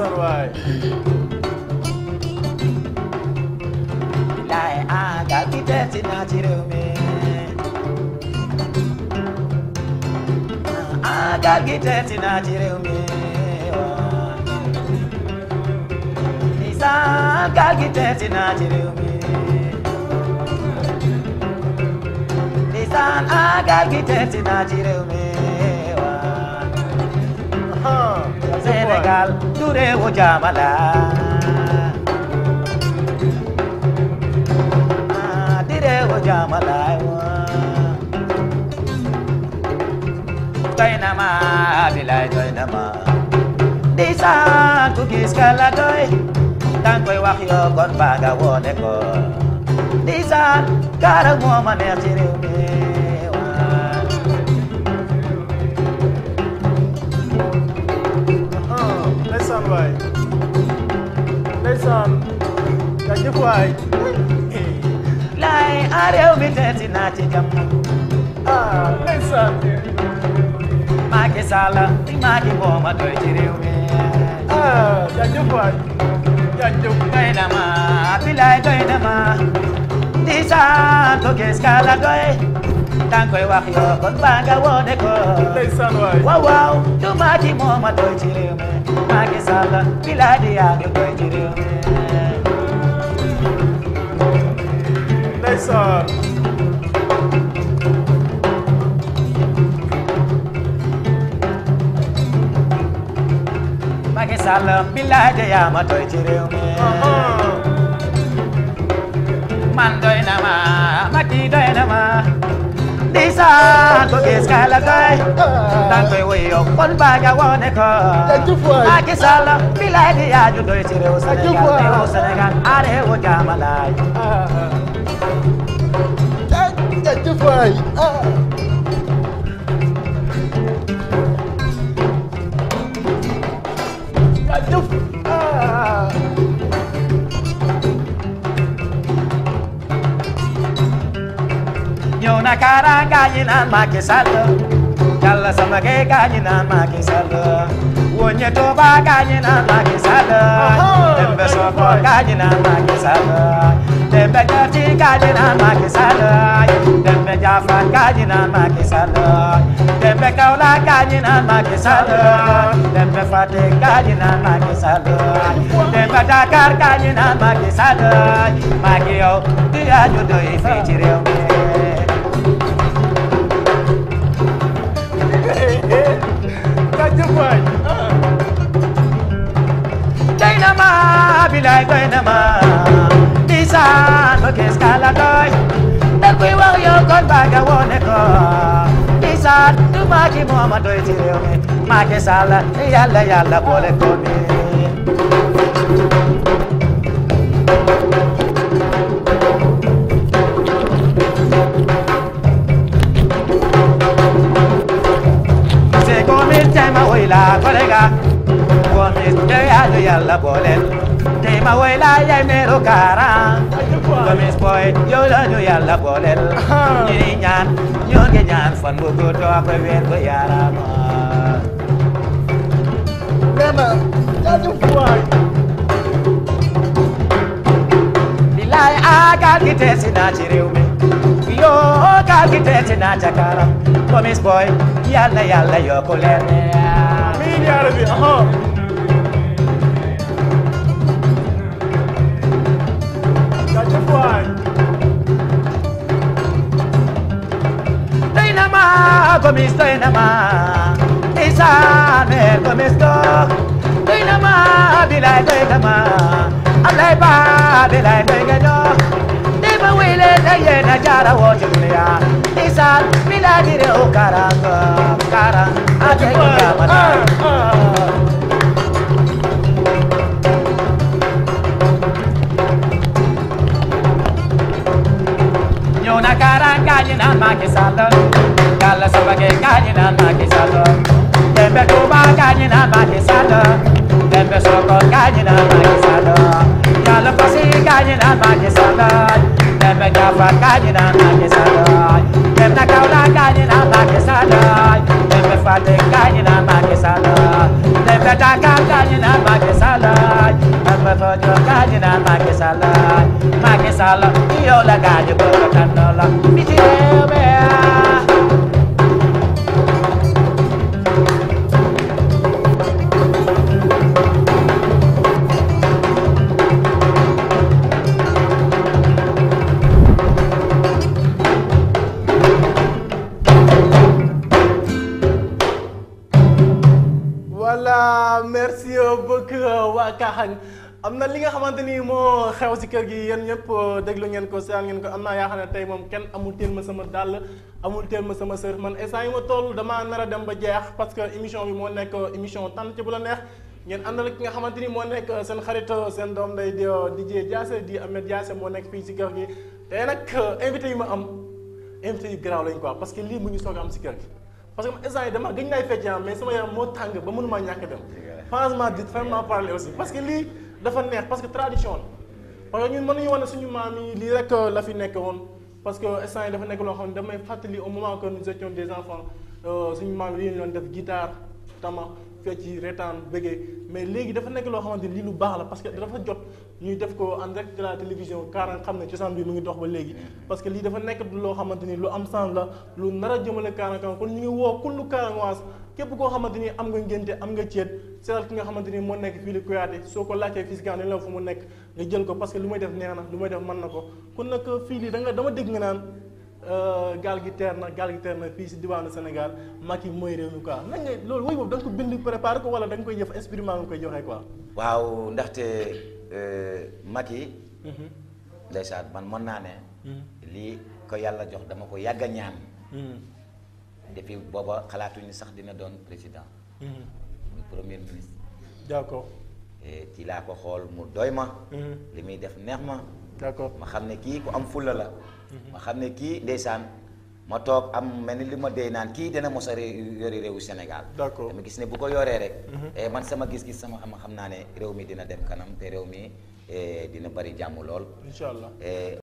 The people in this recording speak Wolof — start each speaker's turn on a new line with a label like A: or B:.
A: ndeysaan waay
B: laay ah ci réew mi ah gaa bi deeti ci réew mi ndeysaan gaa ci réew ci réew mi Sénégal du réewu jaama ah, di réewu jaama la doy na ma bilay doy na ma di sant ku gis ka la dang koy wax yoo kon baa nga woone ko di sant kara moo ma neex ci réew mi
A: son jaajëf waay
B: laay a réew mi teeti naa ci jàmm ah ndeysaan Macky Sall di Macky moo ma doy ci réew mi ah jaajëf waay jaajëf doy na ma bilaay doy na ma di sant Gaskala doy tànk koy e wax yoo kon baa nga woone ko waaw waaw du maa ci moom a doy ci réew ci réew mi ndeysaan Macky Sall billaay yaa ma doy ci réew mi man doy na ma Macky doy na ma ndeysaan ko gis ka la koy daan koy wéyoo kon baa nga wone ko Macky Sall bilaay di yaaju doy ci réew Sénégal réew Sénégal a réewu jaamalaay jërëjëf waay yaakaara gaa ñi naan Macky Sall yàlla sama kee gaa ñi naan Macky Sall woññe Touba gaa ñi naan Macky Sall dembe Sokone gaa ñi naan Macky Sall dembe Joti gaa ñi naan Macky Sall dembe Jaafaan gaa ñi naan Macky Sall dembe Kaolack gaa ñi naan Macky Sall dembe Fatick gaa ñi naan Macky Sall dembe Dakar gaa ñi naan Macky Sall Macky yow di yaa ñu doy fii ci réew mi doy na ma bilaay doy na ma bisaan ma gis ka la doy da kuy wax yow kon ba nga wone ko bisaan du ma ci moom a doy ci réew mi Macky Sall yàlla yàlla boole ko mi la kolega goone deyaajo yàlla booleel tey ma woy la yay meeru kaaraan gomis boy yow la ñu yàlla booleel ñu ni ñaan ñoo ngi ñaan fan bu gudd toog ba weer ba yaaraama vraiment jaajëf teesi naa ci réew mi yoo gaal gi teesi naa ca kaaram gomis boy yàlla yàlla yokku leen ziyaara uh-huh. bi aha gomis doy na ma isaane gomis dox doy na ma bilay doy na ma alay ba bilay doy nga dox de ma wile na yena jara wo ci duniya Sall mi daal di réew karanga karanga ak ay jamono na karan kaji nan maki salo kala sabage kaji nan maki salo tembe tuba kaji nan maki salo tembe soko kaji nan maki salo yala pasi kaji nan maki salo tembe jafa kaji nan maki salo kata kata ñu naan Macky Sall ak ma fa jox ka
A: bëgg waa Kaaxañ am na li nga xamante ni moo xew si kër gi yéen ñëpp euh, déglu ngeen ko seetaan ngeen ko am naa yaakaar ne tey moom kenn amul teel ma sama dàll amul teel ma sama sër man instant yi ma toll damaa nar a dem ba jeex parce que émission bi moo nekk euh, émission tànn ci bu la neex ngeen àndal ki nga xamante ni moo nekk euh, seen xarit seen doom day di DJ Diassé di Ahmed Diassé moo nekk fii si kër gi tey nag invité yu ma am invité yu garaaw lañ que lii mu ngi soog am si kër parce que instant yi dama gëj naay fecc ah mais sama yaram moo tàng ba mënuma ñàkk dem parce que lii dafa neex parce que tradition la parce que ñu mënuñu wane suñu maam yi lii rek euh, la fi nekk woon parce que instant yi dafa nekk loo xam ne damay fàttali au moment que nous étions des enfants euh, suñu maam yi ñu doon def guitare tama fecc yi reetaan bëggee mais léegi dafa nekk loo xamante ni lii lu baax la parce que dafa jot ñuy def ko en direct de télévision Karang xam ne cosaan bi mu ngi dox ba léegi parce que dafa nekk loo xamante ni lu am sens la lu nar a jëmale Karang Kanam kon ñu ngi woo kullu Karangoise képp koo xamante ni am nga ngénte am nga ceet seetal ki nga xamante ni moo nekk fii li Kouyaté soo ko laajtee fii si Gàmbi la fu mu nekk nga jël ko parce lu may def neex n lu may def mën na ko Euh, gaal gi teer na gaal gi teer na fii si diwaanu Sénégal Macky mooy réew mi quoi nan nga loolu woy boobu da ko bind préparé ko wala da koy jëf inspirement nga koy joxe quoi.
B: waaw ndaxte euh, Macky. Mhm. ndeysaan man mën naa ne. Mhm. lii ko yàlla jox dama ko yàgg a ñaan. Mhm. depuis booba xalaatuñu sax dina doon président. muy premier ministre. d'accord. ci laa ko xool mu doy ma. li muy def neex ma. d'accord ma xam ne kii ku am fulla la. ma xam ne kii ndeysaan ma toog am mel ni li ma dee naan kii dana mos a yori réewu Sénégal. d'accord dama gis ne bu ko yoree rek. Mhm. Eh, man sama gis-gis sama am xam naa ne réew mi dina dem kanam te réew mi eh, dina bari jàmm lool. incha allah. Eh,